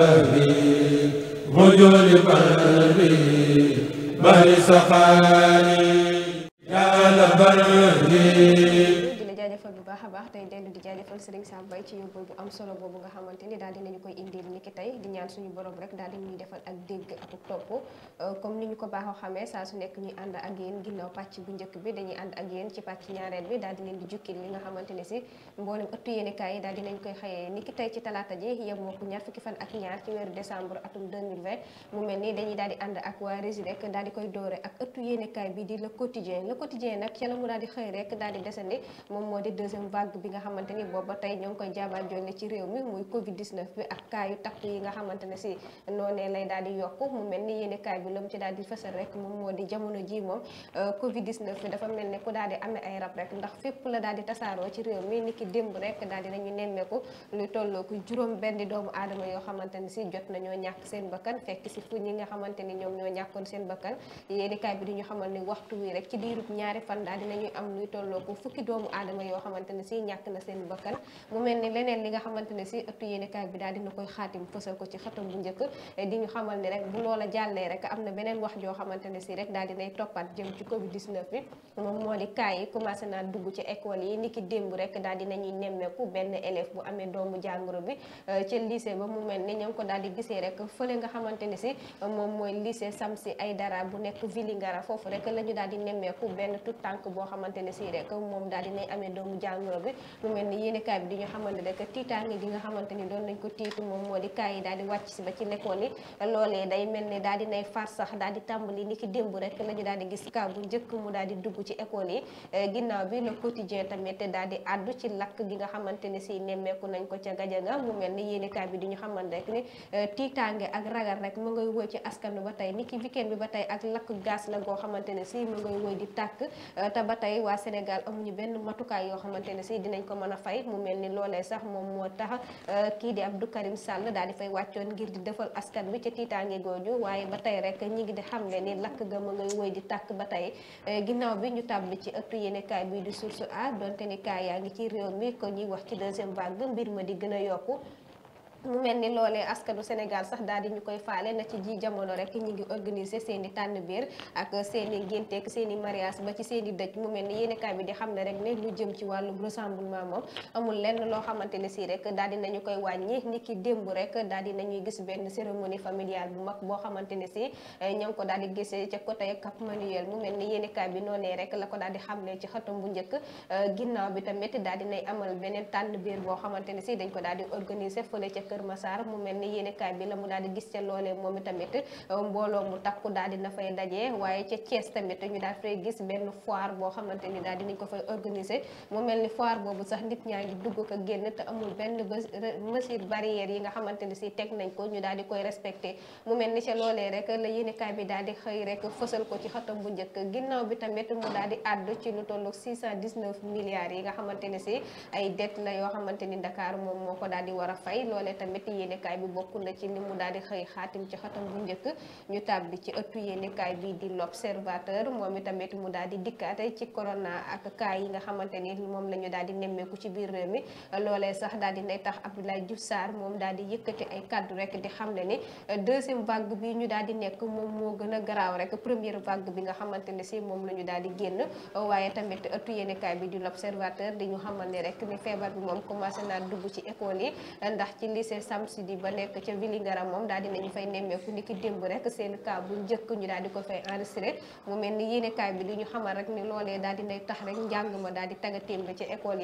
به وجود قلبه بهر سخاني يا لبر به baax a baax tey dellu di jaajëfal Serigne Sam Mbaye ci yóbbal bu am solo boobu nga xamante ni daal koy indil ni ki tey di ñaan suñu borom rek daal di euh, ñu ko bi dañuy ànd ak yéen ci pàcc ñaareel bi daal di leen moom moo di deuxième vague bi nga xamante ni booba tey ñoo ngi koy jaabaat jonne ci réew mi muy Covid 19 bi ak kaa takku yi nga xamante si noonee lay daal di yokku mu mel ni yéene kaay bi la mu di fësal rek euh, ci réew mi ni ki démb rek daal di nañu nemmeeku lu tolloo ku juróom benn doomu yoo xamante ni si jot nañoo ñàkk seen bakkan fekk si fu ñi nga xamante ni ñoom ñoo ñàkkoon seen bakkan yéene kaay bi di ñu xamal ni waxtu wi rek ci diirub ñaari fan daal dinañuy am luy tolloo ku fukki doomu aadama yoo xamante ne si ñàkk na seen bakkan mu mel ni leneen li nga xamante si ëttu yéenekaay bi daal dina koy xaatim fësal ko ci xëtam bu njëkk eh, di ñu xamal ne rek bu loola jàllee rek am na beneen wax joo xamante ne si rek bi moom moo di kaay yi commencé naa eh, ni ña ngi ko mooy lycée Samsi Aydara bu nekk Vélingara foofu rek la ñu daal di nemmeeku benn tout tànk boo xamante si rek moom daal dinay amee doomu jàngoro névrologue lu mel ni yéenekaay bi di ñu xamante rek tiitaange gi nga xamante ni doon nañ ko tiitu moom moo di kaay yi daal wàcc si ba ci lekkool yi loolee day mel ni daal nay far sax daal tàmbali ni ki démb rek eh, gi nga xamante ni si nemmeeku nañ ko ca gajaga mu mel ni yéenekaay bi di xamante ni eh, tiitaange ak ragal rek mu ngay woy ci askanu ba tey ni ki weekend bi ba tey ak lakk gaz la goo xamante ne si mu ngay woy di tàkk eh, te ba tey waa Sénégal amuñu benn matukaay yoo xamante ne si dinañ ko mën a fay mu mel ni loolee sax moom moo tax euh, kii di Abdou Karim sàll daal di fay wàccoon ngir di defal askan bi ca tiitaange gooju waaye ba tey rek ñi ngi di xam ne ni lakk ga ma ngay woy di tàkk ba tey euh, ginnaaw bi ñu tàbbi ci ëttu yéenekaay bii di source a donte ni kaay yaa ngi ci réew mi ko ñuy wax ci deuxième vague mbir ma di gën a yokku mu mel ni loolee askanu Sénégal sax daal di ñu koy faale na ci ji jamono rek ñi ngi organiser seen tànn biir ak seen i génteek seeni i mariage ba ci seen i dëj mu mel ni yéenekaay bi di xam rek ne lu jëm ci wàllum rassemblement moom amul lenn loo xamante ne si rek daal di nañu koy wàññi ni démb rek daal di nañuy gis benn cérémonie familiale bu mag boo xamante ne si eh, ñoo ko daal di gisee ca côté Cap mu mel ni bi noonee rek la ko daal di xamle ci xatam bu njëkk eh, ginnaaw bi tamit daal di nay amal beneen tànn biir boo xamante ne si dañ ko daal di organiser fële ca Kër Massar mu mel ni yéenekaay bi la mu daal di gis ca loolee moom itamit mbooloo mu takku daal dina fay daje waaye ca Thiès tamit ñu daal fay gis benn foire boobu sax nit ñaa dugg ko génn te amul benn mesure barrière yi nga xamante si teg nañ ko ñu daal di koy respecté mu mel ni ca loolee rek la yéenekaay bi daal di xëy rek fësal ko ci xatam bu njëkk ginnaaw bi tamit mu daal di àddu ci lu tollu 619 milliards yi nga xamante ni si ay dette la yoo xamante a tamit yéenekaay bi bokk na ci li mu daal di xëy xaatim ci xatam bu njëkk ñu tàbbi ci ëttu yéenekaay bi di l'observateur moom i tamit mu daal di dikkaate ci corona ak cas yi nga xamante ni moom la ñu daal di nemmeeku ci biir réew mi loolee sax daal di nay tax Abdoulaye Diouf Sarr moom daal di yëkkati ay kaddu rekk di xam ne ni euh, deuxième vague bi ñu daal di nekk moom moo gën a garaaw rek première vague bi nga xamante ne si moom la ñu daal di génn waaye tamit ëttu yéenekaay bi di l'observateur di ñu xamal ne rek ni feebar bi moom commencé naa dugg ci yi lycée Samsidi ba nekk ca Vélingara moom daal dinañu fay nemmeeku niki démb rek seen cas njëkk ñu daal di ko fay enregistré mu mel ni bi li ñu xamal rek ni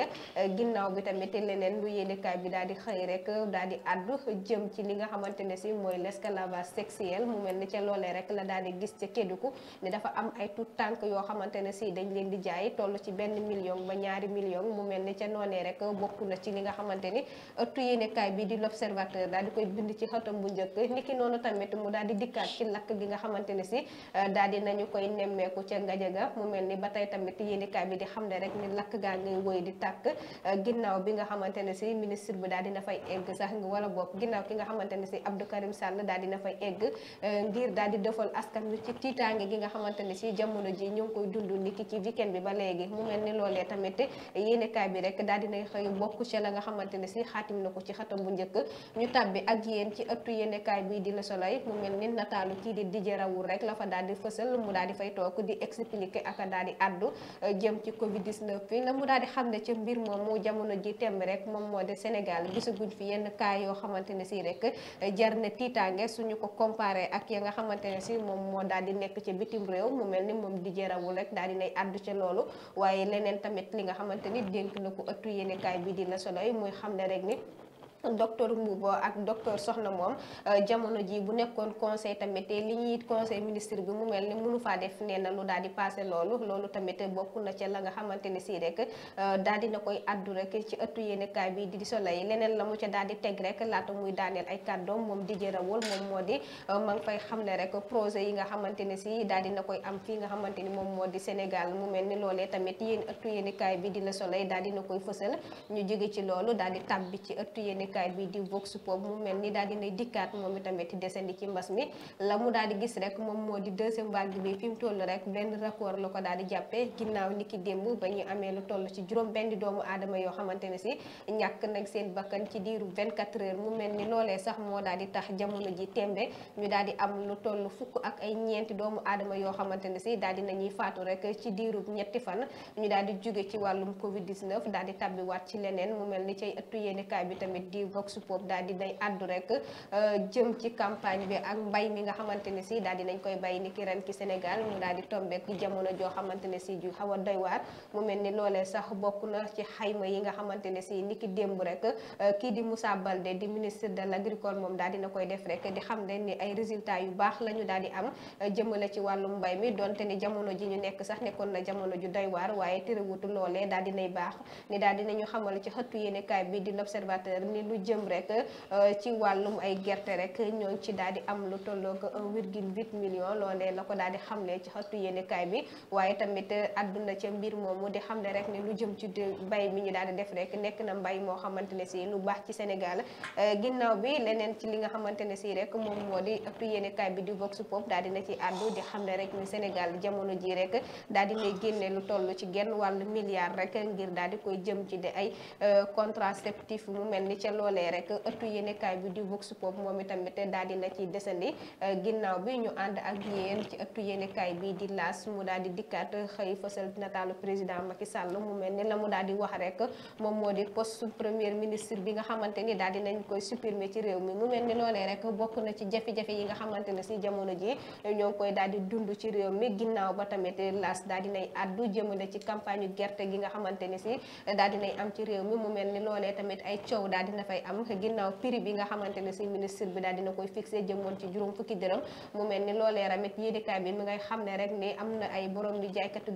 eh, bi tamit leneen di xëy rek daal di addu jëm ci li nga xamante ne si mooy l'esclavage sexuel mu mel ni ca loolee rek la daal di gis ca Kédougou ne dafa am ay tout tànk yoo xamante ne si dañ leen di jaay toll ci benn million ba ñaari million mu mel ni ca noonee rek bokk na ci li nga xamante ni ëttu bi di la l'observateur daal di koy bind ci xëtam bu njëkk niki noonu tamit mu daal di dikkaat ci lakk gi nga xamante ne si euh, daal di nañu koy nemmeeku ca ngaja ga mu ni ba tey tamit yéenikaay bi di xam ne rek ni lakk gaa ngay di tàkk euh, ginnaaw bi nga xamante ne si ministre bi daal dina fay egg sax wala boog ginnaaw ki nga xamante ne si Abdou Karim Sall daal dina fay egg euh, ngir daal di defal askan wi ci tiitaange gi nga xamante ne si jamono ji ñu koy dund niki ci weekend bi ba léegi mu mel ni loolee tamit yéenikaay bi rek daal dina xëy bokk ca la nga xamante ne si xaatim na ko ci xëtam bu njëkk ñu tàbbi ak yéen ci ëttu yéenekaay bii di Le Soleil mu mel ni nataalu kii di Didier Raoult rek la fa daal di fësal mu daal di fay toog di expliquer ak daal di addu euh, jëm ci Covid 19 bi la mu daal di xam ne ca mbir moom jamono ji temb rek moom moo de Sénégal gisaguñ fi yenn yoo xamante ne si rek euh, jar na tiitaange suñu ko comparé ak ya nga xamante ne si moom moo daal di nekk ci bitim réew mu mel ni moom di Raoult rek daal di nay addu ca loolu waaye leneen tamit li nga xamante ni dénk na ko ëttu yéenekaay bi di Le Soleil muy xam ne rek ni docteur Mbuuba ak docteur Soxna moom euh, jamono ji bu nekkoon conseil tamit li ñuy conseil ministre bi mu mel ni mënu faa def nee na lu daal di passé loolu loolu tamit bokk na ca la nga xamante ne si rek euh, daal dina koy addu rek ci ëttu yéenekaay bi di di Soleil leneen la mu ca daal di teg rek laata muy daaneel ay kàddoom moom di jërawul moo di euh, ma ngi fay xamle rek projet yi nga xamante ne si daal dina koy am fii nga xamante ni moom moo di Sénégal mu mel ni loolee tamit yéen ëttu yéenekaay bi di la Soleil daal dina koy fësal ñu jóge ci loolu daal di tàbbi ci ëttu yéenekaay yéenekaay bi di Vox Pop mu mel ni daal dinay dikkaat moom itamit desandi ci mbas mi la mu daal di gis rek moom moo di deuxième vague bi fi mu toll rek benn record la ko daal di jàppee ginnaaw niki démb ba ñu amee lu toll ci juróom benn doomu aadama yoo xamante ne si ñàkk nag seen bakkan ci diiru 24 heures mu mel ni loolee sax moo daal di tax jamono ji tembe ñu daal am lu toll fukk ak ay ñeenti doomu aadama yoo xamante ne si daal di nañuy faatu rek ci diirub ñetti fan ñu daal di jóge ci wàllum covid 19 daal di tàbbiwaat ci leneen mu ci Vox Pop daal di day addu rek euh, jëm ci campagne bi ak mbay mi nga xamante ne si daal di nañ koy bay ni ki ren ki Sénégal mu daal di tombeek jamono joo xamante ne si ju xaw a doy waar mu mel ni loolee sax bokk na ci xayma yi nga xamante ne si ni ki démb rek euh, kii di Moussa de di ministre de l'agricole moom daal dina koy def rek di xam ne ni ay résultat yu baax la dal di am euh, jëmale ci wàllu mbay mi donte ni jamono ji ñu nekk sax nekkoon na jamono ju doy waar waaye terewutu loolee daal dinay baax ni daal dinañu xamal ci xëttu yéenekaay bi lu jëm rek euh, ci wàllum ay gerte rek ñoo ngi ci daal di am lu tolloog 1,8 million loolee la ko daal di xamle ci xëttu yéenekaay bi waaye tamit euh, àdduna ca mbir moomu di xamle rek lu jëm ci mbay mi ñu daal di def rek nekk na mbay moo xamante ne si lu baax ci Sénégal euh, ginnaaw bi leneen ci li nga xamante ne si rek moom moo di bi di Vox Pop daal di na ci àddu di xamle rek ni Sénégal jamono ji rek daal di nay génne lu toll ci genn wàll milliard rek ngir daal koy jëm ci de ay contraceptif mu mel ni ca loolee rek ëttu yéenekaay bi di Vox Pop moom itamit daal dina ci desandi euh, ginnaaw bi ñu ànd ak yéen ci ëttu yéenekaay bi di laas mu daal di dikkaat xëy fësal nataalu président Macky Sall mu mel ni la mu daal di wax rek moom moo di poste premier ministre bi nga xamante ni daal dinañ koy supprimer ci réew mi mu mel ni loolee rek bokk na ci jafe-jafe yi nga xamante ne si jamono ji ñoo koy daal di dund ci réew mi ginnaaw ba tamit laas daal dinay addu jëmale ci campagne gerte gi nga xamante ni si daal dinay am ci réew mi mu mel ni loolee tamit ay coow daal dina dafay am ginnaaw prix bi nga xamante di jaaykatu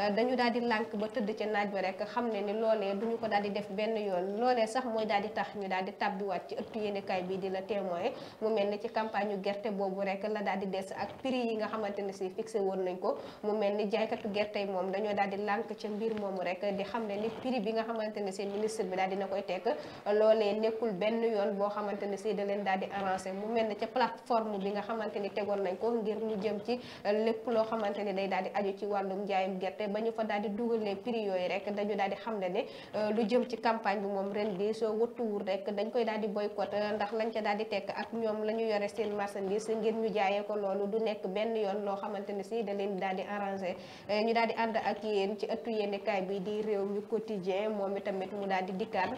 euh, ba tëdd ca naaj ba rek xam ne ni loolee duñu ko daal di def benn yoon loolee sax mooy daal di tax ñu daal di tàbbiwaat ci ëttu yéenekaay bi di la témoin mu mel ni ci campagne yu gerte boobu rek la daal di des ak prix yi nga xamante ne si fixé woon nañ ko mu mel ni jaaykatu gerte yi moom dañoo daal di lànk ca mbir moomu rek di xam ne ni prix bi nga xamante si ministre bi daal dina ko koy teg loolee nekkul benn yoon boo xamante ni si da leen daal di arrangé mu mel ne ca plateforme bi nga xamante ni tegoon nañ ko ngir lu jëm ci lépp loo xamante ni day daal di aju ci wàllum njaayum gerte ba ñu fa daal di dugalee prix yooyu rek dañu daal di xam ne ne euh, lu jëm ci campagne bi moom ren bi soo wattuwul rek dañ koy daal di boycott ndax lañ ca daal di tekk ak ñoom la ñu yore seen marchandise ngir ñu jaayee ko loolu du nekk benn yoon loo xamante ni si da leen daal di arrangé euh, ñu daal di ànd ak yéen ci ëttu yéenekaay bi di réew mi quotidien moom itamit mu daal di dikkaat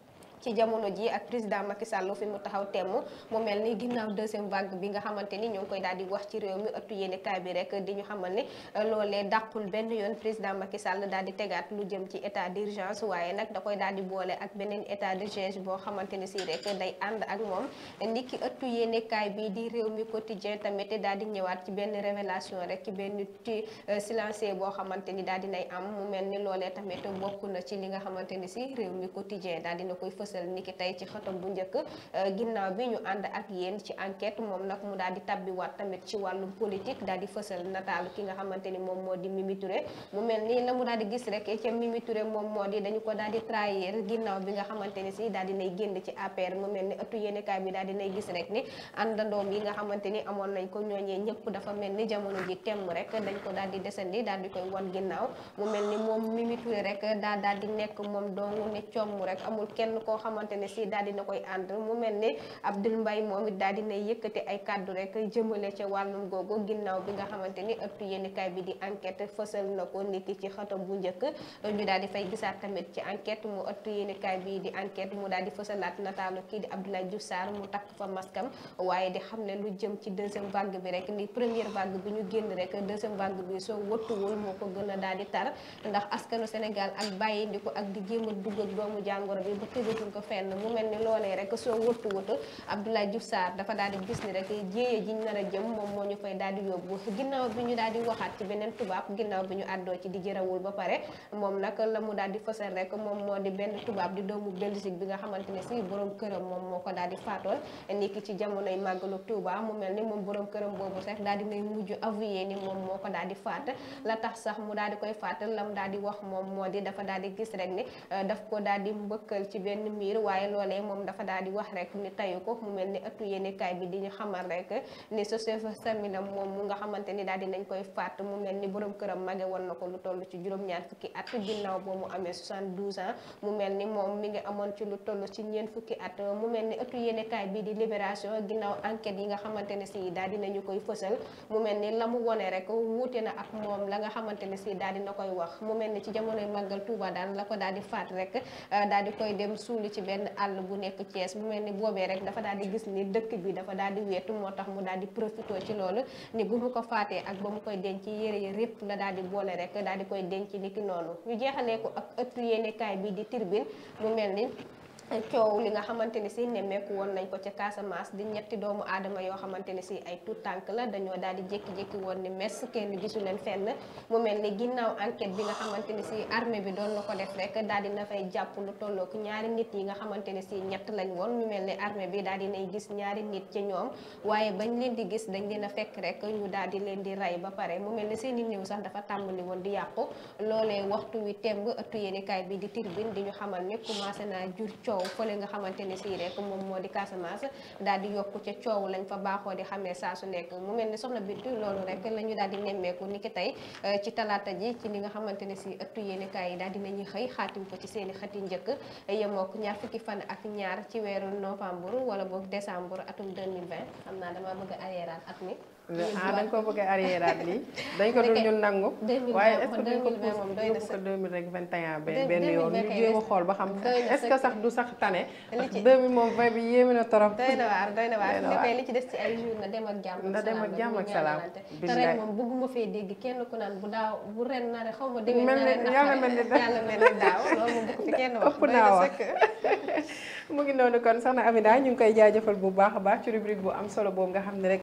ci jamono ji ak président Macky Sall fi mu taxaw temm mu mel ni ginnaaw deuxième vague bi nga xamante ni ñoo ngi koy daal di wax ci réew mi ëttu yéenekaay bi rek di ñu xamal ne euh, loolee dàqul benn yoon président Macky Sall daal di tegaat lu jëm ci état d'urgence waaye nag da koy daal di boole ak beneen état d'urgence boo xamante ni si rek day ànd ak moom ni ki ëttu yéenekaay bi di réew mi quotidien tamit daal di ñëwaat ci benn révélation rek ci benn ti euh, silencieux boo xamante ni daal di nay am mu mel ni loolee tamit bokk na ci li nga xamante ni si réew mi quotidien daal dina koy fës fësal niki tey ci xëtam bu njëkk euh, ginnaaw bi ñu ànd ak yéen ci enquête moom nag mu daal di tabbiwaat tamit ci wàllum politique daal di fësal nataalu ki nga xamante ni moom moo di Mimi Touré mu mel ni la mu daal di gis rek ko daal di trahir ginnaaw bi nga xamante ni si daal di nay génn mu mel ni ëttu yéenekaay bi daal di nay gis rek ni àndandoom yi nga xamante ni amoon nañ ko ñooñee ñëpp dafa mel ni jamono ji temm rek dañ ko daal di desandi daal di koy wan ginnaaw mu mel ni moom Mimi Touré rek daal daal di nekk moom dong ne comm rek amul kenn koo xamante ne si daal dina koy ànd mu mel ne Abdoul Mbaye moom it daal dina yëkkati ay kàddu rek jëmale ca wàllum googu ginnaaw bi nga xamante ni ëttu yéenekaay bi di enquête fësal na ko niki ci xëtam bu njëkk ñu daal di fay gisaat tamit ci enquête mu ëttu yéenekaay bi di enquête mu daal di fësalaat nataalu kii di Abdoulaye Diouf Sarr mu takk fa maskam waaye di xam ne lu jëm ci deuxième vague bi rek ni première vague bi ñu génn rek deuxième vague bi soo wëttuwul moo ko a daal di tar ndax askanu Sénégal ak a dugg ak doomu jàngoro bi ba tëjatul ko fenn mu mel ni loolee rek soo wëttu wëttu Abdoulaye Diouf Sarr dafa daal di gis ni rek jéeye jiñ nar a jëm moom moo ñu koy daal di yóbbu ginnaaw bi ñu daal di waxaat ci beneen tubaab ginnaaw bi ñu àddoo ba pare moom nag la mu daal di fësal rek moom moo di benn tubaab di doomu Belgique bi nga xamante ne si boroom këram moom moo ko daal di faatoon niki ci jamonoy màggalu Touba mu mel ni moom borom këram boobu sax daal di nay mujj avoué ni moom moo ko daal di faat la tax sax mu daal di koy faat la daal di wax moom moo di dafa daal di gis rek ni biir waaye loolee moom dafa daal di wax rek ni tayu ko mu mel ni ëttu yéenekaay bi di ñu xamal ni Joseph Samina moom xamante ni daal di nañ koy faat mu mel ni borom këram mage woon na ko lu toll ci juróom-ñaar fukki at ginnaaw boo mu amee 72 ans mu mel ni moom mi ngi amoon ci lu toll ci ñeent fukki at mu mel ni ëttu yéenekaay bi di libération ginnaaw enquête yi nga xamante ne si daal di nañu koy fësal mu mel ni la mu wone rek wuute na ak moom la nga xamante ne si daal di na koy wax mu mel ni ci jamonoy màggal Tuuba daal la ko daal di faat rek daal di koy dem suuli ci benn àll bu nekk Thiès bu mel ni boobee rek dafa daal di gis ni dëkk bi dafa daal di weetu moo tax mu daal di profité ci loolu ni bu mu ko faatee ak ba mu koy denc yére yi répp la daal di boole rek daal di koy denc niki noonu ñu jeexalee ko ak ëttu yéenekaay bi di tribune mu mel ni coow li nga xamante ni si nemmeeku woon nañ ko ca Casamance di ñetti doomu aadama yoo xamante ni si ay tout tànk la dañoo daal di jékki-jékki woon ni mes kenn gisu leen fenn mu mel ni ginnaaw enquête bi nga xamante ni si bi doon na ko def daal di na fay jàpp lu tollook ñaari nit yi nga xamante ni si ñett lañ woon mu mel ni armée bi daal di nay gis ñaari nit ci ñoom waaye bañ leen di gis dañ leen a fekk rek ñu daal di leen di rey ba pare mu mel ni seen i néew sax dafa tàmbali woon di yàqu loolee waxtu wi temb ëttu yéenekaay bi di Tribune di ñu xamal ni commencé naa jur coow coow fële nga xamante ni sii rek moom moo di Casamance dal di yokk ca coow lañ fa baaxoo di xamee saa su nekk mu mel ni soxna Bintu loolu rek la ñu daal di nemmeeku ni ko tey euh, ci talaata ji ci li nga xamante ne si ëttu yéenekaay yi daal dinañuy xëy xaatim ko ci seeni i xët yi njëkk yemook ñaar fukki fan ak ñaar ci weeru novembre wala boog décembre atum 2020 xam naa dama bëgg a ayeeraat at mi ah dañ koo bëgg a arriéraat lii dañ ko dul ñun nangu. waaye est-ce que duñ ko pousse rek 21 benn benn yoon ñu jéem a xool ba xam est que sax du sax tane. li ci 2000 moom vingt bi yéeme na torop. doy na waar doy na waar li ci des ci ay jours na dem ak jàmm. na dem ak jàmm ak salaam. te ren moom bëgguma kenn ku naan bu daaw bu ren nare xaw ma déwén nare ndax yàlla mel ni yàlla mel ni daaw naa wax mu ngi noonu kon soxna Amina ñu ngi koy jaajëfal bu baax a baax ci rubrique bu am solo boobu nga xam ne rek